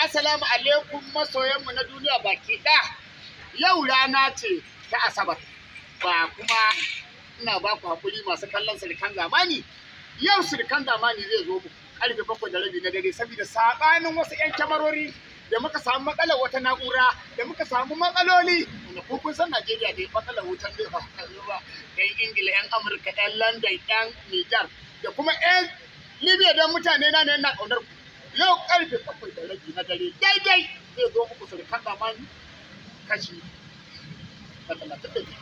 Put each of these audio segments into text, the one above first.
Assalamu alaikum masoyanmu na duniya baki ɗaya. Yau rana ce ta Asabar, ba kuma ina ba ku hakuri masu kallon sirkan zamani. Yau sirkan zamani zai zo muku karfe bakwai da rabi na dare saboda saɓanin wasu 'yan kyamarori da muka samu matsalar wata na'ura da muka samu matsaloli da ku kun san Najeriya da matsalar wutar zai ba ɗan Ingila, 'yan Amurka, 'yan London, 'yan Nijar da kuma 'yan Libya don mutane na ne na ƙaunar ku. yau karfe bakwai da rabi na dare daidai zai zo muku surukan zamani kashi na talatin da biyu.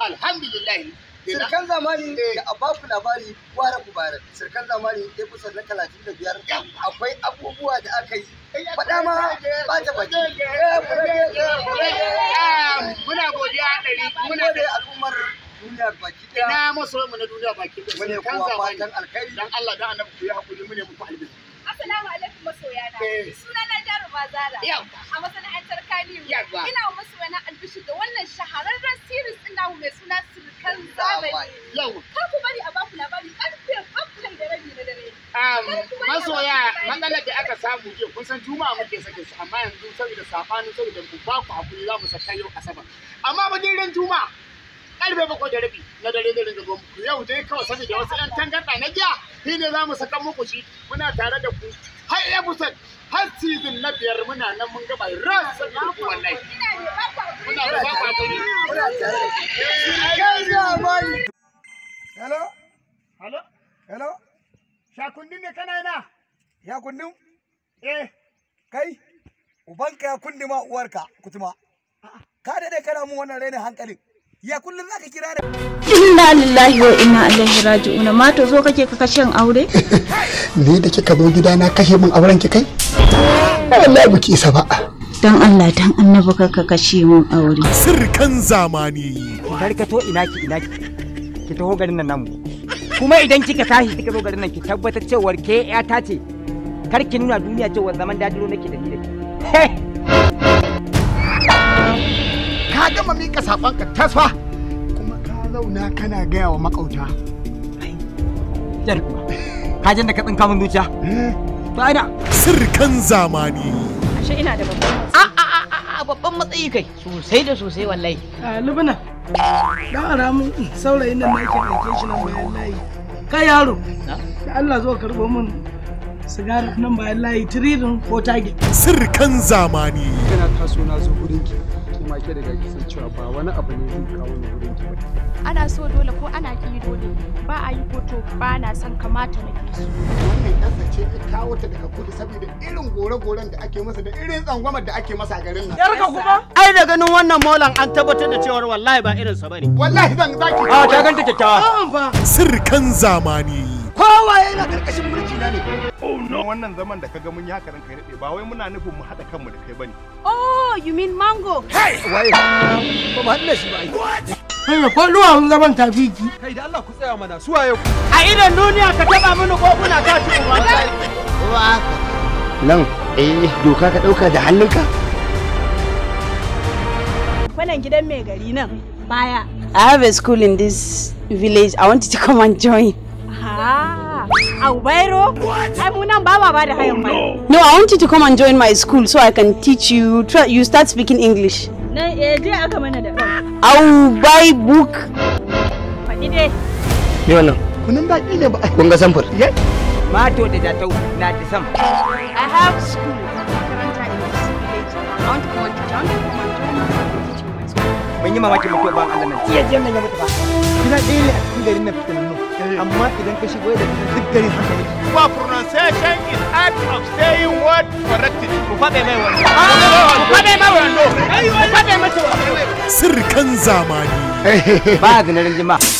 Alhamdulillah. Sirkan zamani da abaku eh. labari ware mubarak. Sirkan zamani ya kusa na talatin da biyar. Akwai abubuwa da aka yi. Eh, Faɗa ma ba ta baki. Eh, ah, muna godiya ɗari. Muna da al'ummar duniya baki daya ina masoyan mu na duniya baki daya mune kowa fatan alkhairi dan Allah da annabi ku yi hakuri mune muku albisi assalamu alaikum masoyana eh. sunana jaruma zara a masana'antar kaniyu ina wa wani albishi da wannan shahararren series din namu mai suna sirkan zamani kar ku bari a baku labari karfe bakwai da rabi na dare masoya matsalar da aka samu jiya kun san juma'a muke sake su amma yanzu saboda sabanin saboda ba ku hakuri za mu saka yau asabar amma ba ran juma'a karfe bakwai da rabi na dare da ringa muku yau dai kawai saboda wasu yan tangarɗa na jiya shi ne za mu saka muku shi muna tare da ku har episode har cizin na biyar muna nan mun gaba ras ku wallahi muna da ba ku muna tare hello hello hello shakundin ne kana ina ya kundin eh kai ubanka ya kundi ma uwarka kutuma ka daɗe kana mun wannan rainin hankalin ya kullum za ka kira da inna lillahi wa inna ilaihi raji'un ma to zo kake ka kashin aure ni da kika zo gida na kashe min auren ki kai wallahi baki isa ba dan Allah dan annabi ka ka kashe min aure sirkan zamani barkato ina ki ina ki ki taho garin nan namu kuma idan kika tashi kika zo garin nan ki tabbatar cewar ke ta ce kar ki nuna duniya cewa zaman dadiro nake da ni da ke gama mika sakon ka tasfa kuma ka zauna kana gaya wa makauta jarku ka jin da ka tsinka min zuciya ba eh. ina sirkan zamani ashe ina da babban a a a babban matsayi kai sosai da sosai wallahi lubuna dan aramu saurayin nan nake aike shi nan bayan layi kai yaro da Allah zo karbo mun sigarar nan bayan layi tiririn ko tage sirkan zamani kana taso na zo ki. ma ke riga kisan cewa ba wani abu ne zai kawo ni wurin ki ana so dole ko ana ki dole ba a yi hoto ba na san kamata na su wannan yasa ce ka kawo ta daga kudu saboda irin gore-goren da ake masa da irin tsangwamar da ake masa a garin nan yarka kuma ai da ganin wannan molan an tabbatar da cewar wallahi ba irin sa bane wallahi zan zaki a ta ganta kyakkyawa sirkan zamani kowa yana karkashin mulki na ne. Oh no! Wannan zaman da ka ga mun yi haka ranka ya rabe ba wai muna nufin mu haɗa kanmu da kai bane. Oh you mean mango? Hey! Why? What? ko ruwa zaman Kai da Allah ku tsaya mana su waye ku. A duniya ka taba mini kokuna ka ci kuma. Wa Nan eh doka ka dauka da hannunka. Wannan gidan mai gari nan baya. I have a school in this village. I want you to come and join. Ah. Albairo? I'm Baba bada oh, No, I want you to come and join my school so I can teach you. Try, you start speaking English. will eh, buy book. Me wannan? Kunan baki ne ba. Kun ga samfur? Ye? Mato da jatau na da sam. I have school. I want to go to town. Ban yi mamakin mutuwa ba Allah nan. Iya jiyan nan ya mutu ba. Gida ne a cikin garin na fitanin amma idan ka shigo da duk gari haka ne ba pronunciation is art of saying word correctly ku faɗe mai wando ah! ku faɗe mai wando ku faɗe mai wando sirkan zamani ba da na rinjima